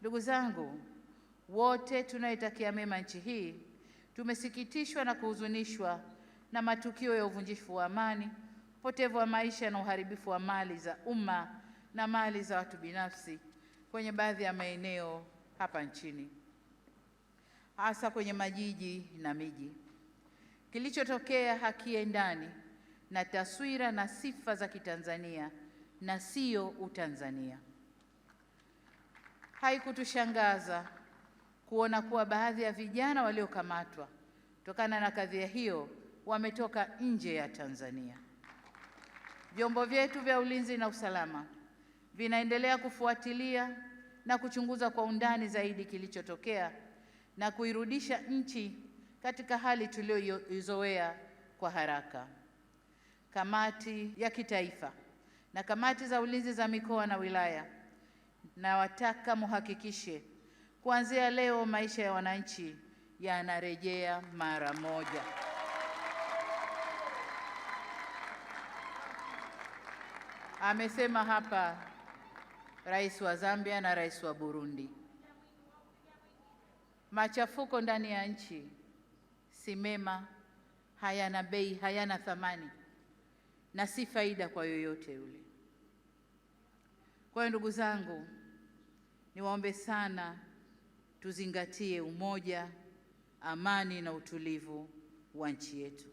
Ndugu zangu wote tunayetakia mema nchi hii, tumesikitishwa na kuhuzunishwa na matukio ya uvunjifu wa amani, upotevu wa maisha na uharibifu wa mali za umma na mali za watu binafsi kwenye baadhi ya maeneo hapa nchini, hasa kwenye majiji na miji. Kilichotokea hakiendani na taswira na sifa za Kitanzania na sio Utanzania. Haikutushangaza kuona kuwa baadhi ya vijana waliokamatwa kutokana na kadhia hiyo wametoka nje ya Tanzania. Vyombo vyetu vya ulinzi na usalama vinaendelea kufuatilia na kuchunguza kwa undani zaidi kilichotokea na kuirudisha nchi katika hali tuliyoizoea kwa haraka. Kamati ya kitaifa na kamati za ulinzi za mikoa na wilaya Nawataka muhakikishe kuanzia leo maisha ya wananchi yanarejea mara moja. Amesema hapa Rais wa Zambia na Rais wa Burundi, machafuko ndani ya nchi si mema, hayana bei, hayana thamani na si faida kwa yoyote yule. Kwa hiyo ndugu zangu Niwaombe sana tuzingatie umoja, amani na utulivu wa nchi yetu.